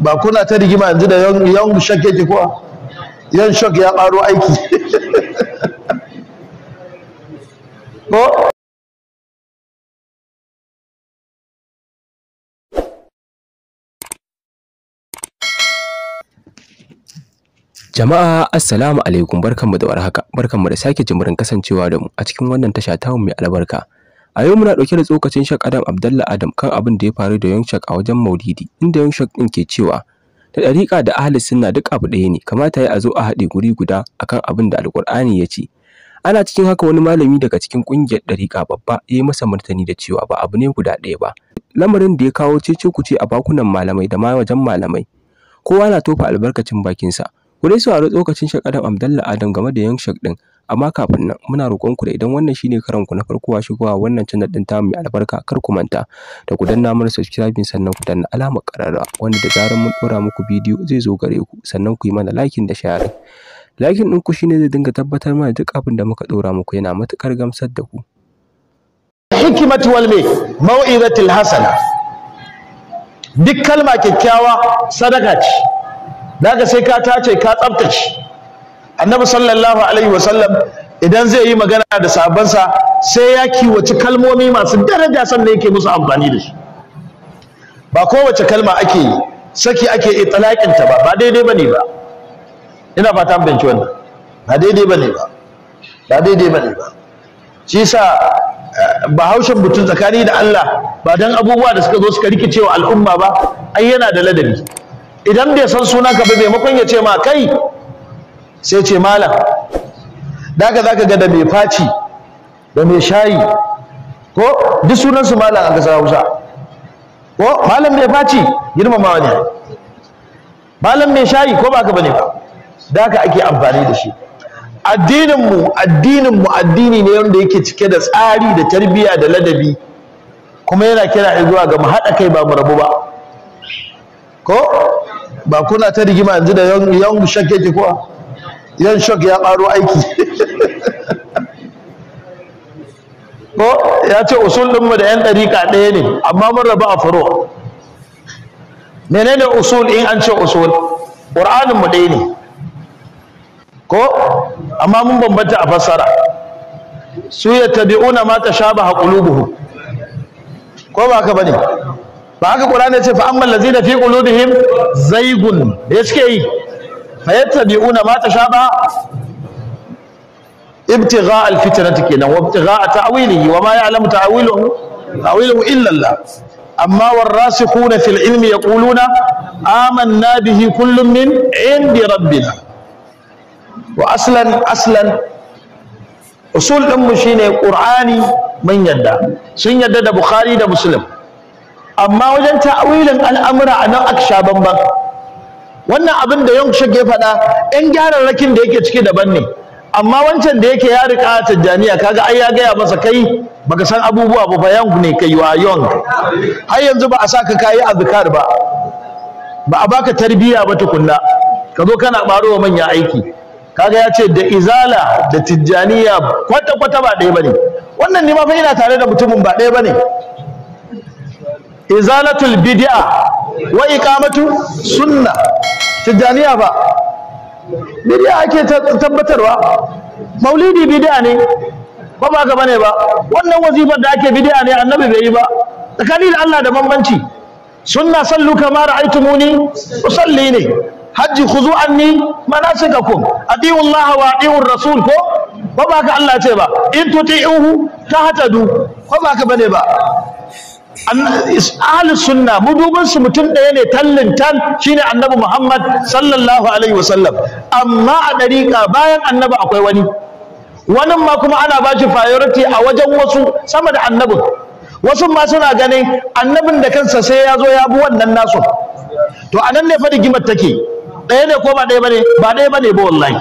ba kuna ta rigima yanzu da yan shak yake kuwa yan shak ya ƙaro aiki ko Jama'a assalamu alaikum barkanmu da warhaka barkanmu da sake jimirin kasancewa da mu a cikin wannan tasha tawun mai albarka A yau muna ɗauke da tsokacin Shak Adam Abdalla Adam kan abin da ya faru da Yonshak a wajen Maulidi, inda Yonshak ɗin ke cewa da ɗariƙa da ahli sunna duk abu ɗaya ne, kamata ya a zo a haɗe guri guda akan abin da Alƙur'ani ya ce. Ana cikin haka wani malami daga cikin ƙungiyar ɗariƙa babba ya yi masa martani da cewa ba abu ne guda ɗaya ba. Lamarin da ya kawo cece-kuce a bakunan malamai da ma wajen malamai. Kowa na tofa albarkacin bakinsa. Ku dai saurari tsokacin Shak Adam Abdalla Adam game da Yonshak ɗin. Amma kafin nan muna roƙon ku da idan wannan shine karanku na farko a shigowa wannan channel ɗin tamu mai albarka kar ku manta da ku danna mana subscribe sannan ku danna alamar ƙararrawa wanda da zarar mun ɗora muku bidiyo zai zo gare ku sannan ku yi mana liking da sharing. Liking ɗinku shine zai dinga tabbatar mana duk abin da muka ɗora muku yana matuƙar gamsar da ku. Hikimatu wal me mau'izatil hasana duk kalma kyakkyawa sadaka ce. Daga sai ka tace ka tsabtace annabi sallallahu alaihi wasallam idan zai yi magana da sahabbansa sai ya kiwaci kalmomi masu daraja sannan yake musu amfani da shi. ba kowace kalma ake yi saki ake itlaqin ta ba ba daidai ba ne ba ina fata an bayyana wannan ba daidai ba ne ba ba daidai ba ne ba shi yasa eh, bahaushen mutum tsakani da Allah ba dan abubuwa da suka zo suka rikicewa al'umma ba ai yana da ladabi idan bai san sunanka ba maimakon ya ce ma kai sai ce malam daga zaka ga da mai faci da mai shayi ko duk sunansu malam a ƙasar Hausa ko malam mai faci girmamawa ne malam mai shayi ko ba ka bane ba da ka ake amfani da shi addininmu addininmu addini ne wanda yake cike da tsari da tarbiyya da ladabi kuma yana kira zuwa ga mu haɗa kai ba mu rabu ba ko ba kuna ta rigima yanzu da yan shakki kuwa yan shock ya ɓaro aiki ko ya ce usul ɗinmu da yan ɗariƙa ɗaya ne amma mun raba a furo menene usul in an ce usul mu ɗaya ne ko amma mun bambanta a fassara su ya tabi'una ma ta sha ba haƙulubuhu ko ba haka ba ne ba haka ƙur'ani ya ce fa'amman lazina fi ƙulubihim zaigun da ya suke yi fayattabi'una ma tashaba ibtigha alfitnati kenan wa ibtigha ta'wilihi wa ma ya'lamu ta'wiluhu ta'wiluhu illa Allah amma warasikhuna fil ilmi yaquluna amanna bihi kullun min 'indi rabbina wa aslan aslan usul din mu shine qur'ani mun yadda sun yadda da bukhari da muslim amma wajen ta'wilin al'amura anan aksha bamban wannan abin da Yonshek ya faɗa ɗan rakin da yake ciki daban ne amma wancan da yake ya riƙa tijjaniya kaga ai ya gaya masa kai baka san abubuwa ba yau ne kai wa yong har yanzu ba a saka kayi azkar ba ba a baka tarbiyya ba tukunna ka zo kana ɓaro wa manya aiki kaga ya ce da izala da tijjaniya kwata kwata ba ɗaya bane wannan ne ma fa ina tare da mutumin ba ɗaya bane izalatul bid'a wa iqamatu sunnah tijjaniya ba bid'a ake tabbatarwa maulidi bid'a ne ba ba gaba ne ba wannan wazifar da ake bid'a ne annabi bai yi ba tsakanin Allah da bambanci sunna sallu kama ra'aytumuni usalli ne hajji khuzu anni manasikakum atiu Allah wa atiu rasul ko ba ba ka Allah ce ba in tuti'uhu tahtadu ko ba ka bane ba ahli sunna mudubin su mutum ɗaya ne tallin tan shine annabi Muhammad sallallahu alaihi wasallam amma a dariƙa bayan annabi akwai wani wannan ma kuma ana ba shi priority a wajen wasu sama da annabin wasu ma suna ganin annabin da kansa sai ya zo ya bi wannan nasu to nan ne fa rigimar take ɗaya ne ko ba ɗaya ne? ba ɗaya ne, ba wallahi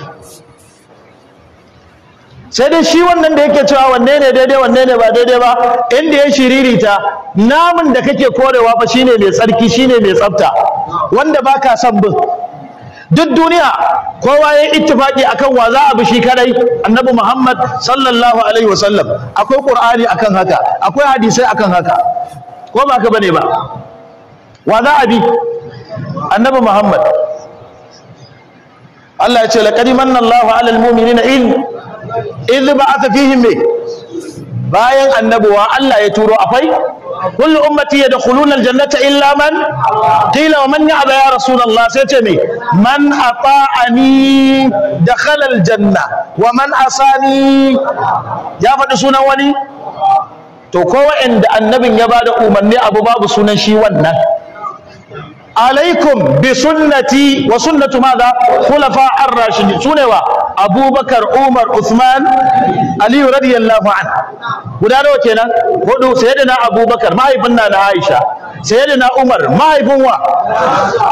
sai dai shi wannan da yake cewa wanne ne daidai wanne ne ba daidai ba inda ya shiririta namun da kake korewa fa shine mai tsarki shine mai tsafta wanda baka son bin duk duniya kowa ya ittifaki akan wa za a bi shi kadai annabi Muhammad sallallahu alaihi wasallam akwai qur'ani akan haka akwai hadisai akan haka ko ba ka bane ba wa za a bi annabi Muhammad Allah ya ce laqad manna Allahu alal mu'minina in idh ba'atha fihim me bayan annabuwa Allah ya turo akwai kullu ummati yadkhuluna aljannata illa man qila wa man ya'ba ya rasulullah sai ce me man ata'ani dakhala aljanna wa man asani ya faɗi sunan wani to ko wa'anda annabin ya bada umarni abu babu sunan shi wannan alaikum bi sunnati wa sunnatu madha khulafa ar-rashidin sunewa abubakar umar usman aliyu radiyallahu an guda nawa kenan hudu sayyidina abubakar mahaifin na na aisha sayyidina umar mahaifin wa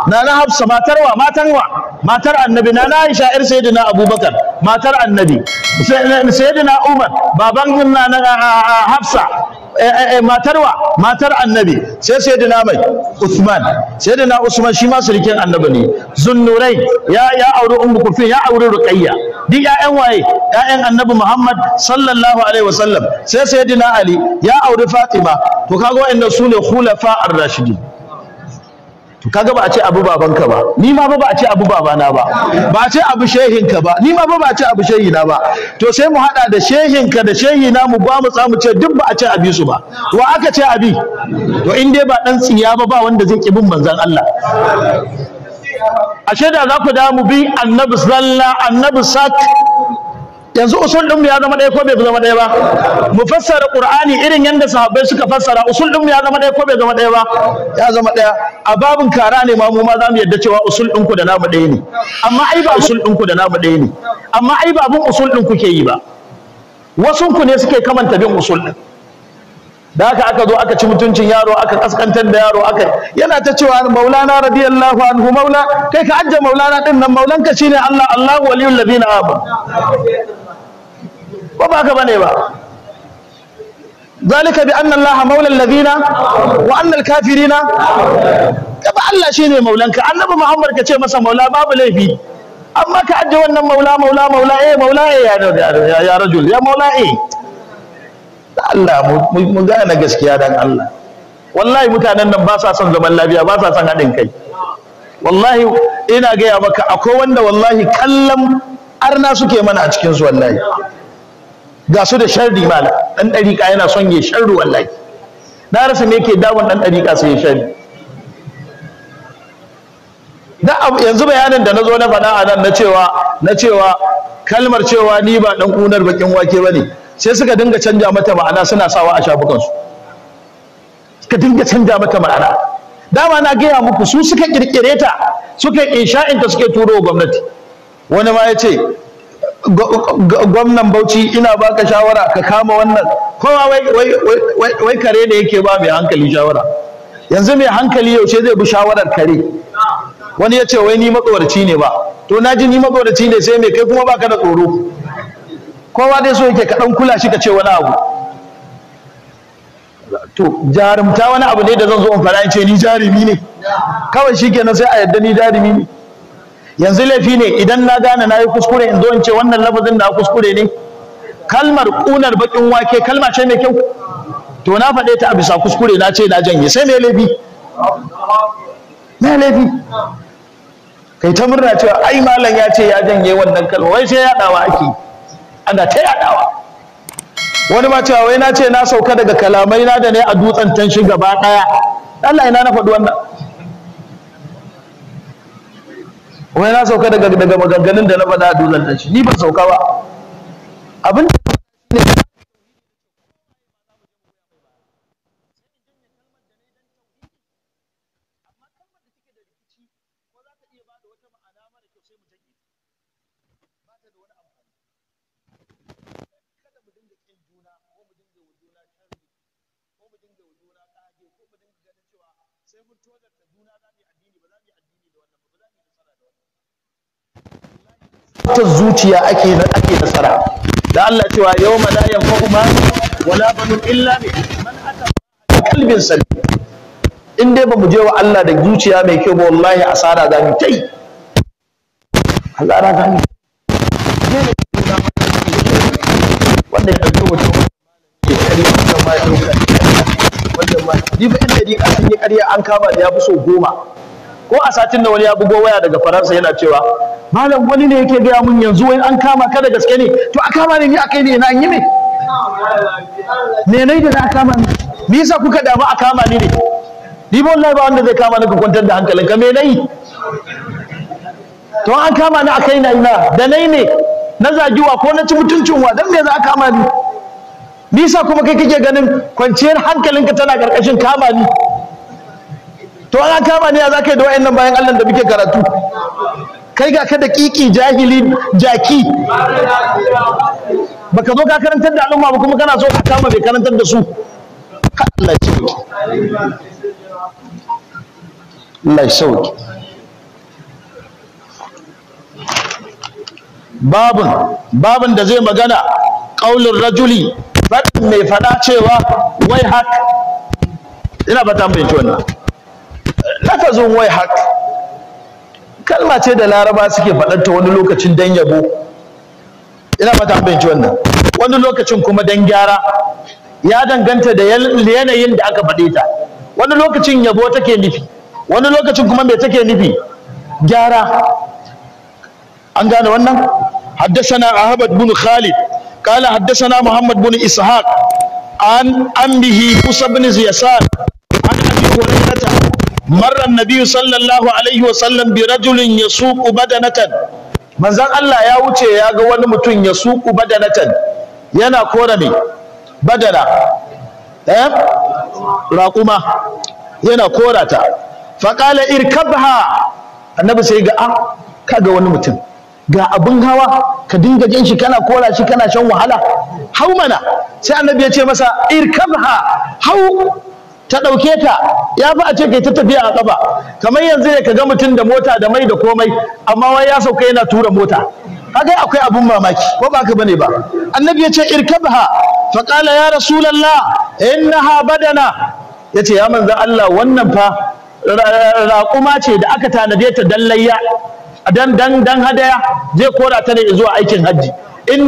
na na hafsa matar wa matan wa matar annabi na na aisha yar sayyidina abubakar matar annabi sayyidina umar baban na na hafsa eh, eh, eh, matar wa matar annabi sai sayyidina mai usman sayyidina usman shi ma surikin annabi ne zunnurai ya ya auri ummu kufin ya auri ruqayya duk ƴaƴan waye ƴaƴan annabi Muhammad sallallahu alaihi wasallam sai sayyidina Ali ya auri Fatima to kaga wa'annan su ne khulafa ar-rashidin to kaga ba a ce abu babanka ba ni ma ba ba a ce abu babana ba ba a ce abu shehinka ba ni ma ba ba a ce abu shehina ba to sai mu hada da shehinka da shehina mu ba mu samu ce duk ba a ce abi su ba wa aka ce abi to in dai ba dan tsiya ba ba wanda zai ƙi bin manzon Allah ashe da za ku da mu bi annabi zalla annabi sak yanzu usul din mu ya zama ɗaya ko bai zama ɗaya ba mu fassara qur'ani irin yanda sahabbai suka fassara usul din mu ya zama ɗaya ko bai zama ɗaya ba ya zama ɗaya a babin kara ne ma mu ma mu yadda cewa usul din ku da namu ɗaya ne amma ai ba usul din ku da namu ɗaya ne amma ai ba abin usul din ke yi ba wasun ku ne suke kamanta bin usul din da haka aka zo aka ci mutuncin yaro aka kaskantar da yaro aka yana ta cewa maulana radiyallahu anhu maula kai ka ajje maulana din nan maulanka shine Allah Allahu waliyul ladina amanu ba ba ka bane ba ذلك بأن الله مولى الذين وأن الكافرين ba Allah shine maulanka annabi Muhammad ka ce masa maula babu laifi amma ka ajje wannan maula maula maula eh maula eh ya rajul ya maula eh Allah mu gane gaskiya dan Allah wallahi mutanen nan ba sa son zaman lafiya ba sa son haɗin kai wallahi ina gaya maka akwai wanda wallahi kallon arna suke mana a cikin su wallahi ga su da sharri mala dan ɗariƙa yana son ya sharri wallahi na rasa me yake damun dan ɗariƙa sai ya sharri da yanzu bayanin da na zo na faɗa a nan na cewa na cewa kalmar cewa ni ba dan kunar bakin wake ba ne. sai suka dinga canja mata ma'ana suna sawa a shafukansu suka dinga canja mata ma'ana dama na gaya muku su suka kirkire ta suka insha'inta suke turo gwamnati wani ma ya ce gwamnan bauchi ina baka shawara ka kama wannan kowa wai kare ne yake ba mai hankali shawara yanzu mai hankali yaushe zai bi shawarar kare wani ya ce wai ni matsoraci ne ba to na ji ni matsoraci ne sai mai kai kuma baka da tsoro kowa dai so yake kaɗan kula shi ka ce wani abu to jarumta wani abu ne da zan zo in fara in ce ni jarumi ne kawai shi kenan sai a yadda ni jarumi ne yanzu laifi ne idan na gane na yi kuskure in zo in ce wannan lafazin na kuskure ne kalmar ƙunar baƙin wake kalma ce mai kyau to na faɗe ta a bisa kuskure na ce na janye sai mai laifi mai laifi kai ta murna cewa ai malam ya ce ya janye wannan kalma wai sai yaɗawa ake ana ta yadawa wani ma cewa wai na ce na sauka daga kalamai na da ne a dutsen tanshi gaba daya Allah ina na faɗi wannan wai na sauka daga daga maganganun da na faɗa a dutsen tanshi ni ban sauka ba abin da ne mu dinga ganin cewa sai mun tozarta juna za mu yi addini ba ta zuciya ake ake nasara da Allah cewa yawma la yanfa'u ma wala banu illa bi man ata qalbin salim in dai ba mu je wa Allah da zuciya mai kyau ba wallahi asara za mu ta yi asara ni fa inda dika sun ƙarya an kama da ya fi so goma ko a satin da wani ya bugo waya daga faransa yana cewa malam wani ne yake gaya mun yanzu wai an kama ka da gaske ne to a kama ne ni a kai ne na an yi me me nai da na kama ni me yasa kuka damu a kama ni ne ni ba wallahi ba wanda zai kama ni ka kwantar da hankalin ka nai to an kama ni a kai na ina da nai ne na zagiwa ko na ci mutuncin wa dan me za a kama ni bisa kuma kai kake ganin kwanciyar hankalinka tana karkashin kama ni to an kama ni ya za ka yi da wa'annan bayan Allah da muke karatu kai ga ka da kiki jahili jaki baka zo ka karantar da al'umma ba kuma kana so ka kama bai karantar da su Allah ce Allah sauki babun babun da zai magana ƙaunar rajuli faɗin mai faɗa cewa wai hak ina ba ta fahimci wannan lafazin wai hak kalma ce da laraba suke ta wani lokacin dan yabo ina ba ta fahimci wannan wani lokacin kuma dan gyara ya danganta da yanayin da aka faɗe ta wani lokacin yabo take nufi wani lokacin kuma me take nufi gyara an gane wannan حدثنا أحمد بن خالد قال حدثنا محمد بن اسحاق عن امه موسى بن زيسان عن ابي هريره مر النبي صلى الله عليه وسلم برجل يسوق بدنه manzon Allah ya wuce ya ga wani mutum ya suku badanatan yana kora ne badana eh raquma yana korata fa qala irkabha annabi sai ga ah kaga wani mutum ga abin hawa ka dinga jin shi kana kora shi kana shan wahala hau mana sai annabi ya ce masa irkabha hau ta ɗauke ta ya fi a ce kai ta tafiya a ƙafa kamar yanzu ne ka ga mutum da mota da mai da komai amma wai ya sauka yana tura mota kaga akwai abun mamaki ko ba ka bane ba annabi ya ce irkabha fa qala ya rasulullah innaha badana ce ya manzo Allah wannan fa raƙuma ce da aka tanade ta dan dan dan dan hadaya zai kora ta ne zuwa aikin hajji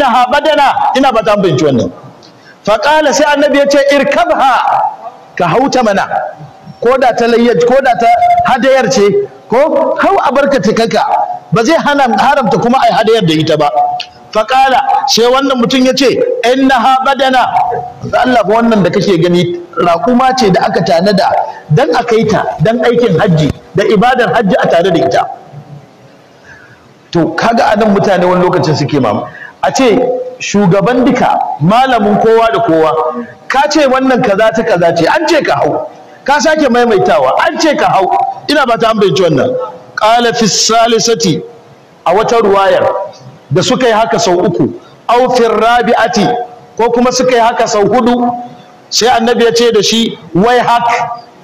ha badana ina ba ta fahimci wannan fa qala sai annabi ya ce irkabha ka hauta mana ko ta layyaj koda ta hadayar ce ko hau a barkata tikaka ba zai haramta kuma ai hadayar da ita ba faƙala sai wannan mutum ya ce ha badana Allah ba wannan da kake gani raƙuma ce da aka tanada dan a ta dan aikin hajji da ibadar hajji a tare da ita to kaga anan mutane wani lokacin suke mamu a ce shugaban duka malamin kowa da kowa ka ce wannan kaza ta kaza ce an ce ka hau ka sake maimaitawa an ce ka hau ina ba ta ambaci wannan qala fi salisati a wata ruwayar da suka yi haka sau uku aw fi rabi'ati ko kuma suka yi haka sau hudu sai annabi ya ce da shi wai hak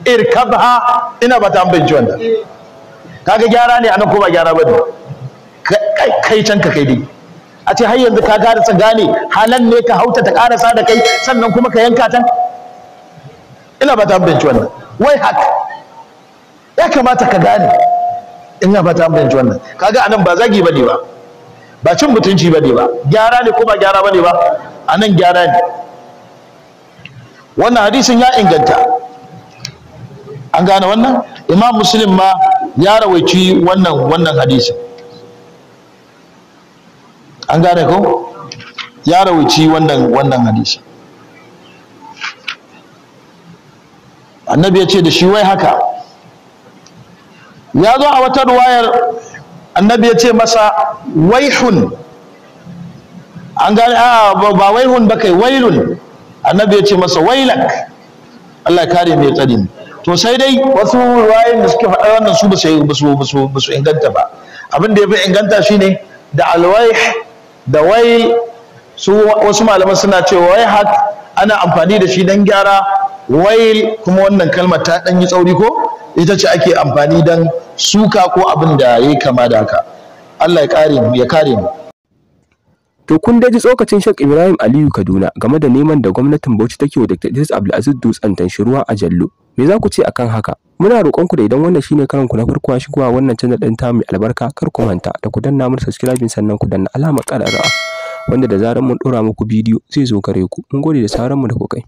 irkabha ina ba ta ambaci wannan kaga gyara ne anan ko ba gyara bane kai can ka kai dai a ce har yanzu ka gara ta gane halan ne ka hauta ta karasa da kai sannan kuma ka yanka ta ina ba ta ambanci wannan wai haka ya kamata ka gane ina ba ta ambanci wannan kaga anan ba zagi bane ba ba cin mutunci bane ba gyara ne ko ba gyara bane ba anan gyara ne wannan hadisin ya inganta an gane wannan imam muslim ma ya rawaici wannan wannan hadisin an gane ko ya rawuci wannan wannan hadisi annabi ya ce da shi wai haka ya zo a wata ruwayar annabi ya ce masa waihun an gane ah, a ba waihun ba kai wailun annabi ya ce masa wailak Allah kare mai tsari to sai dai wasu ruwayoyin da suke faɗa wannan su ba su inganta ba abin da ya fi inganta shine da alwaih da wai su wasu malaman suna cewa wai hak ana amfani da shi don gyara wai kuma wannan kalmar ta ɗan yi tsauri ko ita ce ake amfani don suka ko abin da ya kama da haka Allah ya kare mu ya kare mu To kun daji tsokacin Sheikh Ibrahim Aliyu Kaduna game da neman da gwamnatin Bauchi take wa Dr. Idris Abdulaziz Dutsen ruwa a Jallo. Me za ku ce akan haka? muna roƙon ku da idan wannan shine karan ku na farko a shigowa wannan channel din ta mai albarka kar ku manta da ku danna mana subscribe sannan ku danna alamar ƙararrawa wanda da zarar mun dora muku bidiyo zai zo gare ku mun gode da sauran mu da ku kai